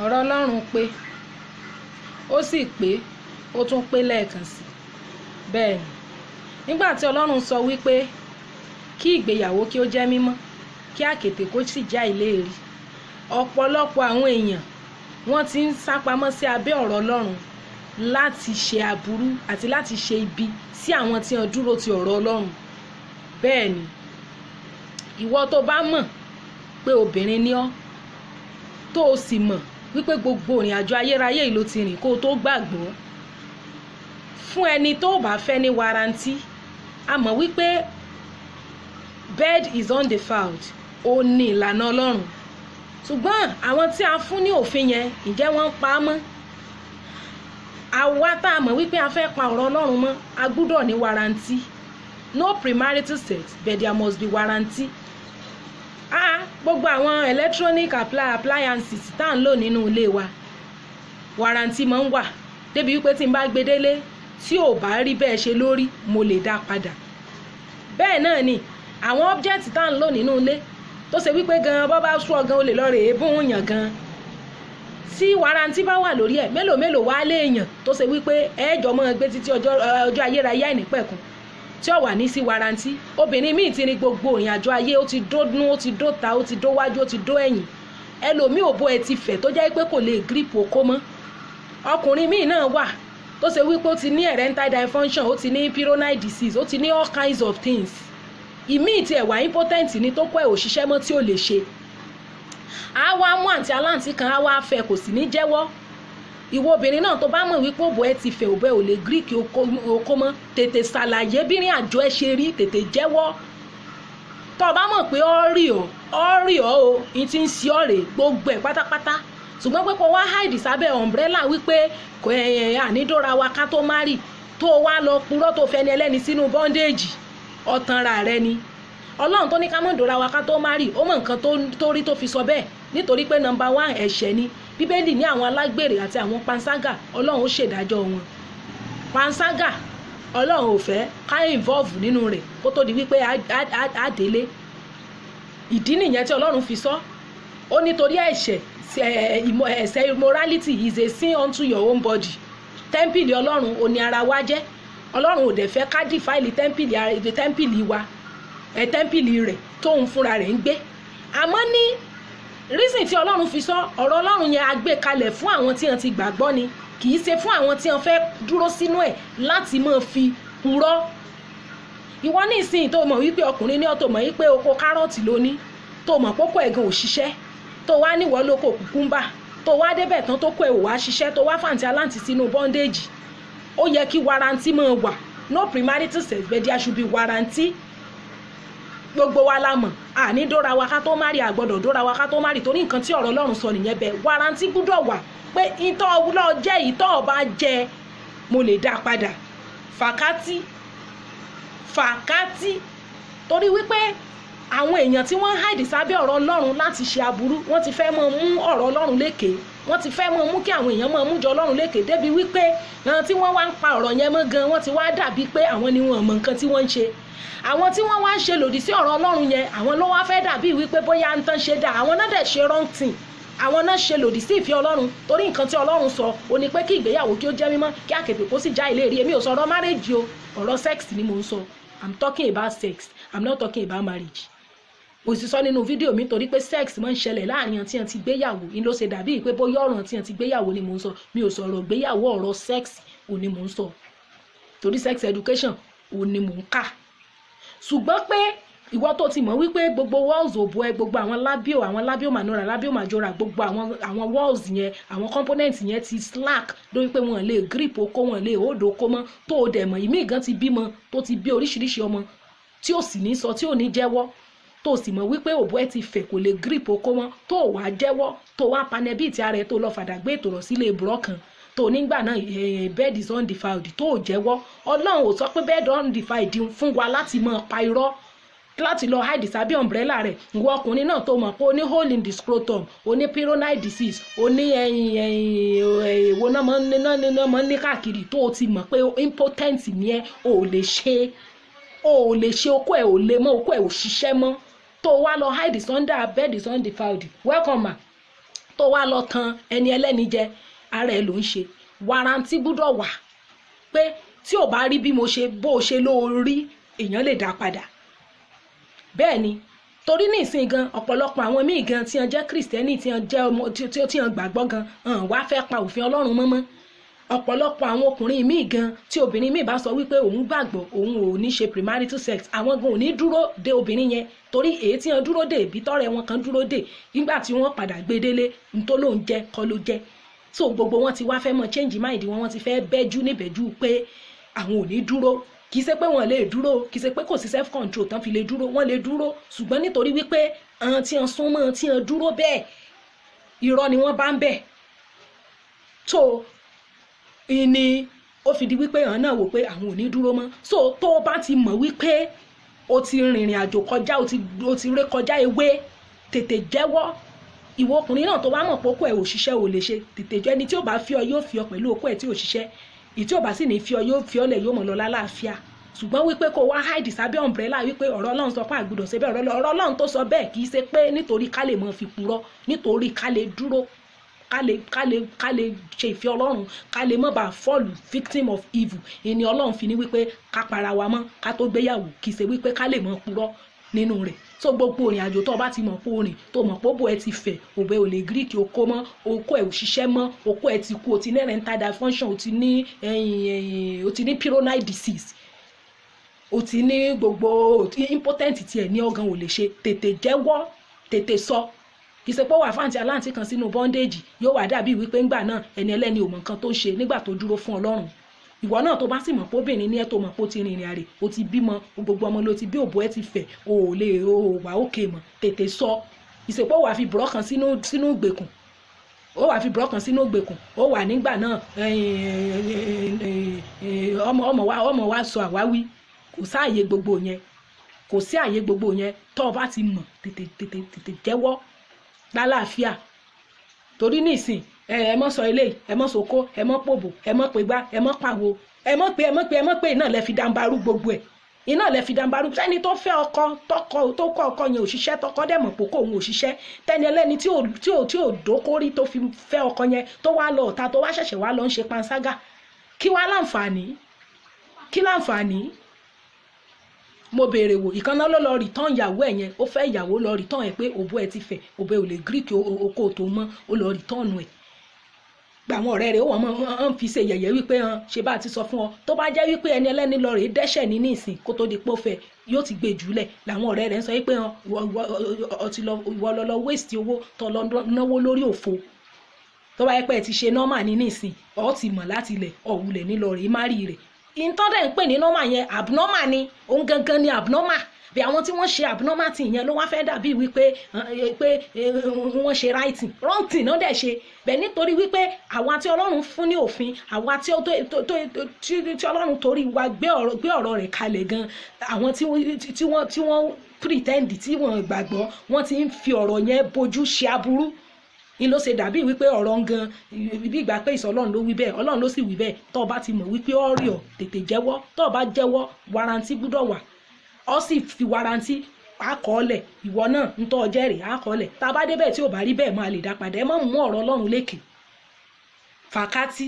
ọ̀rọ̀ ọlọ́run pé ó sì pé ó tún pé lẹ́ẹ̀kan sí bẹ́ẹ̀ ni nígbà tí ọlọ́run sọ wípé kí ìgbéyàwó kí ó jẹ́ mímọ́ kí àkètè kó sì já ìlérí ọ̀pọ̀lọpọ̀ àwọn èèyàn wọ́n ti ń sápamọ́ sí abẹ́ ọ̀rọ̀ ọlọ́run láti ṣe aburú àti láti ṣe ibi sí àwọn tí wọ́n dúró ti ọ̀rọ̀ ọlọ́run bẹ́ẹ̀ ni ìwọ tó bá mọ̀ pé obìnrin ni ọ́ tó o sì mọ̀ wípé gbogbo ìrìn àjò ayérayé yìí ló ti rìn kó o tó gbàgbọ́ fún ẹni tó bá fẹ́ ní warranty a mọ̀ wípé bed is undefiled ó ní ìlànà ọlọ́run ṣùgbọ́n àwọn tí a fún ní òfin yẹn ǹjẹ́ wọ́n ń pa á mọ́ àwa tá a mọ̀ wípé a fẹ́ pa ọ̀rọ̀ ọlọ́run mọ́ a gbúdọ̀ ní warranty no premarital sex but there must be warranty gbogbo àwọn electronic appliances tá à ń lò nínú ilé wa warranty máa ń wà débi wípé tí n bá gbé délé tí ò bá rí bẹ́ẹ̀ ṣe lórí mo lè dá padà bẹ́ẹ̀ náà ni àwọn object tá à ń lò nínú ilé tó ṣe wípé gan bọ́ bá sú ọ gan o lè lọ rèé bùn yàn gan tí warranty bá wà lórí ẹ̀ mélòó mélòó wá léèyàn tó ṣe wípé ẹ̀ẹ́jọ́ mọ́ gbé títí ọjọ́ ayérayé àìnípẹ̀kun tí ó wà ní sí warranty obìnrin míì ti ni gbogbo ìrìn àjò ayé ó ti dónú ó ti dóta ó ti dówájú ó ti dó ẹ̀yìn ẹlòmíì òbo ẹ ti fẹ̀ tó jẹ́ pé kò lè gírípù okó mọ́ ọkùnrin míì náà wà tó ṣe wípé ó ti ní erectile dysfunction ó ti ní pyronite disease ó ti ní all kinds of things ìmíì tí ẹ̀wà impotent ni tó kọ́ ẹ̀ òṣìṣẹ́ mọ́ tí ò lè ṣe àwa mú àǹtí aláǹtí kan àwa afẹ́ kò sì ní jẹ́wọ́ ìwọ obìnrin náà tó bá mọ̀ wípé òbò ẹ ti fẹ̀ òbò ẹ ò lè greek okó mọ́ tètè ṣàlàyé bírin àjọ ẹ ṣe rí tètè jẹ́wọ́ tó o bá mọ̀ pé ọ́ rì ọ́ ọ́ rì ọ́ o ní ti ń ṣe ọ́ rè gbogbo ẹ̀ pátápátá ṣùgbọ́n pé kó wá hide sábẹ́ umbrella wípé kò ẹ̀yẹ̀ ànídóra wa ká tó má rì tó o wá lọ purọ́ tó fẹni ẹlẹ́ni sínú bondage ọ̀tanra rẹ ni ọlọ́run tó ní ká mọ̀ dóra wa ká tó má rì ó mọ̀ nǹkan tó rí tó fi sọ bẹ́ẹ̀ nítorí pé number one ẹ̀ṣẹ̀ ni bíbélì ní àwọn alágbèrè àti àwọn panṣágà ọlọ́run ó ṣèdájọ́ wọn panṣágà ọlọ́run ò fẹ́ ká involve nínú rẹ̀ kó tó di wípé á délé ìdí nìyẹn tí ọlọ́run fi sọ ó nítorí ẹ̀ṣẹ̀ ẹ̀ṣẹ̀ morality is a sin unto your own body tẹ́ḿpìlì ọlọ́run ò ní ara wa jẹ́ ọlọ́run ò dẹ̀ fẹ́ ká dìfáìlì tẹ́ḿpìlì wa tẹ́ḿpìlì rẹ̀ tóun fúnra rẹ̀ ń gbé àmọ́ ní reason tí ọlọ́run fi sọ ọ̀rọ̀ ọlọ́run yẹn agbé kalẹ̀ fún àwọn tí wọ́n ti gbàgbọ́ ni kì í ṣe fún àwọn tí wọ́n fẹ́ dúró sínú ẹ̀ láti máa fi purọ́ ìwọ ní ìsìn tó mọ̀ wípé ọkùnrin ní ọ̀tọ̀ mọ̀ wípé oko kárọ̀tì ló ní tó mọ̀ pókó ẹ̀gàn òṣìṣẹ́ tó wá níwọ̀ lóko kùkúmbà tó wá débẹ̀ tán tó kó ẹ̀wọ̀ wá ṣiṣẹ́ tó wá fàǹtí aláǹtí sínú bọ́ndéèjì ó yẹ kí warranty máa wà no primarital sex but there should warranty gbogbo wa la mọ̀ àní dóra wa ká tó má rí àgbọ̀dọ̀ dóra wa ká tó má rí torí nǹkan tí ọ̀rọ̀ ọlọ́run sọ nìyẹn bẹ́ẹ̀ warranty gbúdọ̀ wà pé ìtọ́ lọ jẹ́ ìtọ́ ọba jẹ mo lè dá padà fàkátì fàkátì torí wípé àwọn èèyàn tí wọ́n hide sábẹ́ ọ̀rọ̀ ọlọ́run láti ṣe aburú wọ́n ti fẹ́ mọ mú ọ̀rọ̀ ọlọ́run lékè wọ́n ti fẹ́ mọ mú kí àwọn èèyàn mọ mú ọlọ́run lékè débi wípé àwọn tí wọ́n wá ń pa ọ̀rọ̀ yẹn mọ́ gan wọ́n ti wá dàbí pé àwọn ni wọn mọ nǹkan tí wọ́n ń ṣe àwọn tí wọ́n wá ń ṣe lòdì sí ọ̀rọ̀ ọlọ́run yẹn àwọn ló wá fẹ́ dàbí wípé bóyá ń tán ṣe dà àwọn náà dẹ̀ ṣe wrong thing àwọn náà ṣe lòdì sí ìfẹ́ ọlọ́run torí nǹkan tí ọlọ́run sọ ó ní pé kí ìgbéyàwó kí ó jẹ́ mímọ́ kí àkètè kó sì já ilé rí èmi ò sọ ọ̀rọ̀ márèjì o ọ̀rọ̀ sex ni mò ń sọ i'm talking about sex i'm not talking about marriage mo sì sọ nínú fídíò mi torí pé sex máa ń ṣẹlẹ̀ láàrin àti àti gbéyàwó ni ló ṣe dàbí pé bóyá ọ̀rọ̀ àti àti gbéyàwó ni mò ń sọ mi ò sọ̀rọ̀ gbéyàwó ọ̀rọ̀ sex ò ní mò ń sọ torí sex education ò ní mò ń kà ṣùgbọ́n pé ìwọ tó ti mọ̀ wípé gbogbo walls òbò ẹ gbogbo àwọn labio àwọn labio manora labio majora gbogbo àwọn walls yẹn àwọn component yẹn ti slack lórí pé wọn lè grip oko wọn lè hold oko mọ́ tó o dẹ̀ mọ̀ ìmíì gan ti bímọ tó ti bí oríṣiríṣi ọmọ tí ò sì ní sọ tí ò ní jẹ́wọ́ tó sì mọ̀ wípé òbó ẹ ti fẹ̀ kò lè grip oko mọ́ tó wàá jẹ́wọ́ tó wàá panẹ́bí ti ara ẹ tó lọ fàdà gbé ètò rọ̀ sílé ìbúrọ̀ kan tó nígbà náà eh, bed is undefined tó jẹ́wọ́ ọlọ́run ò sọ pé bed undefined fún wa láti máa pa irọ́ láti lọ hide sábẹ́ umbrella rẹ̀ ìwọ ọkùnrin náà tó mọ̀ pé o ní hole in the scrotum o ní pyronide disease o ní ẹyin ẹyin èwo náà mọ̀ ní káàkiri tó o ti mọ̀ pé impotent ni ẹ o lè ṣe o lè ṣe okó ẹ ò lè mọ okó ẹ ò ṣiṣẹ́ mọ́ tó o wá lọ hide sunday abed sunday fowl welcome ma tó o wá lọ tan ẹni ẹlẹ́ni jẹ ara ẹ̀ ló ń ṣe warranty gbúdọ̀ wà pé tí ò bá rí bí mo ṣe bó o ṣe ló rí èèyàn lè dá padà bẹ́ẹ̀ ni torí ní ìsìn gan ọ̀pọ̀lọpọ̀ àwọn míì gan tí wọ́n jẹ́ kristẹni tí wọ́n jẹ́ ọmọ tí wọ́n gbàgbọ́ gan hàn wá fẹ́ pa òfin ọlọ́run mọ́mọ́ ọ̀pọ̀lọpọ̀ àwọn ọkùnrin míì gan tí obìnrin míì bá sọ wípé òun gbàgbọ́ òun ò ní ṣe premarital sex àwọn gan ò ní dúró de obìnrin yẹn torí èyí tí wọ́n dúró de ìbítọ́rẹ̀ wọn kan dúró de nígbà tí wọ́n padà gbé délé ntó ló ń jẹ́ kọ́ ló jẹ́ so gbogbo wọn ti wá fẹ́ mọ change mind wọn wọ́n ti fẹ́ bẹ́jú níbẹ̀jú pé àwọn ò ní dúró kì í ṣe pé wọ́n lè dúró kì í ṣe pé kò sí self control tán fi lè dúró wọ́n lè dúró ṣùgbọ́n nítorí wípé àwọn tí wọ́n súnmọ́ tí wọ́n dúró bẹ́ẹ̀ irọ́ ni wọ́n bá ń bẹ̀ tó ìní ó fi di wípé àwọn náà wò pé àwọn ò ní dúró mọ́ so tó o bá ti mọ̀ wípé o ti rìnrìn àjò kọjá o ti ré kọjá ewé tètè jẹ́wọ́ ìwọ ọkùnrin náà tó wá mọ̀ pókó ẹ̀ òṣìṣẹ́ ò lè ṣe tètè jọ ẹni tí ò bá fi ọ yóò fi ọ pẹ̀lú okó ẹ̀ tí òṣìṣẹ́ ìtí ò bá sì ní fi ọ yóò fi ọ lẹ̀ yóò mọ̀ lọ lálàáfíà ṣùgbọ́n wípé kó wá hide sábẹ́ ọ̀mbrẹ́là wípé ọ̀rọ̀ ọlọ́run sọ pé àgbùdọ̀ ṣe bẹ́ẹ̀ ọ̀rọ̀ ọlọ́run tó sọ bẹ́ẹ̀ kì í ṣe pé nítorí ká lè mọ fi purọ́ nítorí ká lè dúró ká lè ká lè ká lè ṣe ìfẹ́ ọlọ́run ká lè má bàa fall victim of evil ìní ọlọ́run fi ní wípé ká para wa mọ́ ká tó gbéyàwó kì í ṣe wípé ká lè mọ purọ́ nínú rẹ̀ so gbogbo òrìn àjò tó o bá ti mọ̀ pé òrìn tó mọ̀ pé òbò ẹ ti fẹ̀ òbò ẹ ò lè gíríkì okó mọ́ okó ẹ ò ṣiṣẹ́ mọ́ okó ẹ ti kú o ti ní rental dysfunction o ti ní o ti ní pyronide disease o ti ní gbogbo impotent tiẹ̀ ní ọ̀gán ò lè ṣe tètè jẹ́wọ́ tètè sọ kì í ṣe pé wà fáǹtì aláǹtí kan sínú bọ́ndéèjì yóò wà dàbí wípé ńgbà náà ẹni ẹlẹ́ni ò mọ̀ nǹkan tó ń ṣe nígbà tó dúró fún Ọlọ́run ìwọ náà tó bá sì mọ̀ pé obìnrin ní ẹ tó mọ̀ pé ó ti rìnrìn àrè ó ti bímọ gbogbo ọmọ ló ti bí òbó ẹ ti fẹ̀ o ò lè o ò wá òkè mọ̀ tètè sọ ìsèpọ̀ wàá fi bùrọ̀ kan sínú sínú ìgbèkùn ó wàá fi bùrọ̀ kan sínú ìgbèkùn ó wà nígbà náà ọmọ ọmọ wa ọmọ wa sọ àwáwí kò sáàyè gbogbo yẹn kò sí àyè gbogbo yẹn tó o bá ti mọ̀ tètè tètè tètè jẹ́wọ́ lálàáfíà torí nísìn ẹ ẹ mọ́ sọ eléyìí ẹ mọ́ soko ẹ mọ́ pòbò ẹ mọ́ pégbá ẹ mọ́ pàwo ẹ mọ́ pé ẹ mọ́ pé ẹ mọ́ pé iná lẹ fi dàǹbarú gbogbo ẹ̀ iná lẹ fi dàǹbarú sẹ́ni tó fẹ́ ọkọ tọkọ tó kọ ọkọ yẹn òṣìṣẹ́ tọkọ dẹ̀ mọ̀ pò kó òun òṣìṣẹ́ tẹni ẹlẹ́ni tí ò tí ò tí ò dókórí tó fi fẹ́ ọkọ yẹn tó wá lọ ọ̀tá tó wá ṣẹ̀ṣẹ̀ wá lọ ń ṣe panṣágà kí wá láǹfààní kí láǹfààní mo béèrè wò ìkànnà ló lọ rìtán ìyàwó ẹ̀ yẹn ó fẹ́ ìyàwó lọ rìtán ẹ̀ pé òbó ẹ̀ ti fẹ̀ òbó ẹ̀ ò lè greek oko tó mọ́ ó lọ rìtán ẹ̀ gba àwọn ọ̀rẹ́ rẹ̀ ó wọ́n mọ́ ń fi ṣe yẹ̀yẹ́ wípé hàn ṣe bá ti sọ fún ọ tó bá jẹ́ wípé ẹni ẹlẹ́ni lọ rèé dẹ́ṣẹ̀ ní nísìn kó tó di pé ó fẹ́ yóò ti gbé jùlẹ̀ làwọn ọ̀rẹ́ rẹ̀ ń sọ wípé hàn ìwọ lọ lọ waste owó tó lọ náwó lórí òfo tó bá yẹ pé ẹ ti ṣe normal ní nísìn ọ ti mọ̀ láti ilẹ̀ ọ̀wulẹ̀ nílọ rèé má rí rẹ̀ ìtàn dẹ̀ ń pè ní normal yẹn abnormal ni òun gangan ni abnormal bí àwọn tí wọ́n ṣe abnormal thing yẹn ló wá fẹ́ dàbí wípé eh, pé eh, wọ́n ṣe right thing wrong thing náà dẹ̀ ṣe bẹ́ẹ̀ nítorí wípé àwa tí ọlọ́run fún ní òfin àwa tí ọlọ́run torí wa gbé ọ̀rọ̀ rẹ̀ kalẹ̀ gan àwọn tí wọ́n pretend tí wọ́n gbàgbọ́ wọ́n ti ń fi ọ̀rọ̀ yẹn bojú ṣe aburú ni ló ṣe dàbí wípé ọ̀rọ̀ ń gan bí ìgbà pé ìsọ ọlọ́run ló wí bẹ́ẹ̀ ọlọ́run ló sì wí bẹ́ẹ̀ tó o bá ti mọ̀ wípé ọ̀rì ọ̀ tètè jẹ́wọ́ tó o bá jẹ́wọ́ warranty gbúdọ̀ wà ọ sì fi warranty akọọlẹ̀ ìwọ náà ń tọ́ ọjẹ́ rè akọọlẹ̀ tá a bá débẹ̀ tí ò bá rí bẹ́ẹ̀ máa lè dá padà ẹ má mú ọ̀rọ̀ ọlọ́run lékè fàkátì